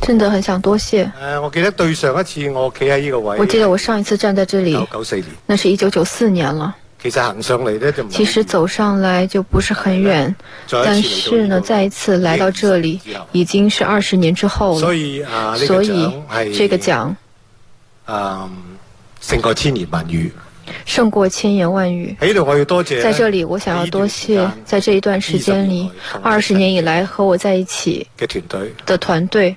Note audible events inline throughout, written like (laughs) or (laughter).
真的很想多謝。我記得對上一次我企喺呢個位置。我記得我上一次站在這裏。九四年。那是一九九四年了。其實走上來就不是很遠，但是呢，再一次來到這裏，已經是二十年之後了。所以，uh, 所以這個獎、這個獎啊，勝過千言萬語。勝過千言萬語。喺度我要多謝。在這裏我想要多謝，在這一段時間裏，二十年，年以來和我在一起嘅團隊。的團隊。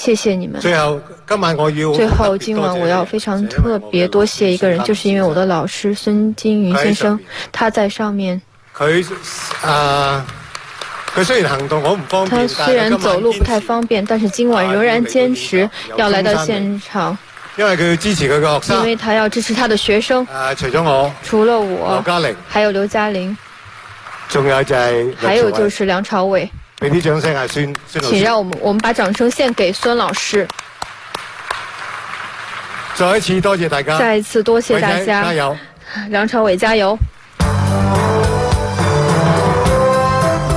謝謝你們。最後今晚我要最後今晚我要非常特別多謝一個人，就是因為我的老師孫金云先生，他在上面。佢啊，佢雖然行動好唔方便，他雖然走路不太方便，但是今晚仍然堅持要來到現場，因為佢要支持佢嘅學生。因為他要支持他的學生。啊，除咗我，除了我，劉嘉玲，還有劉嘉玲，仲有就係，還有就是梁朝偉。俾啲掌聲係孫孫老師。請讓我們我們把掌聲獻給孫老師。再一次多謝大家。再一次多謝大家。梁朝偉加油！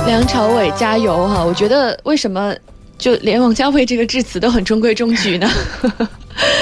梁朝偉加油，啊！哈，我覺得為什麼就連王家衛這個致辭都很中規中矩呢？ (laughs)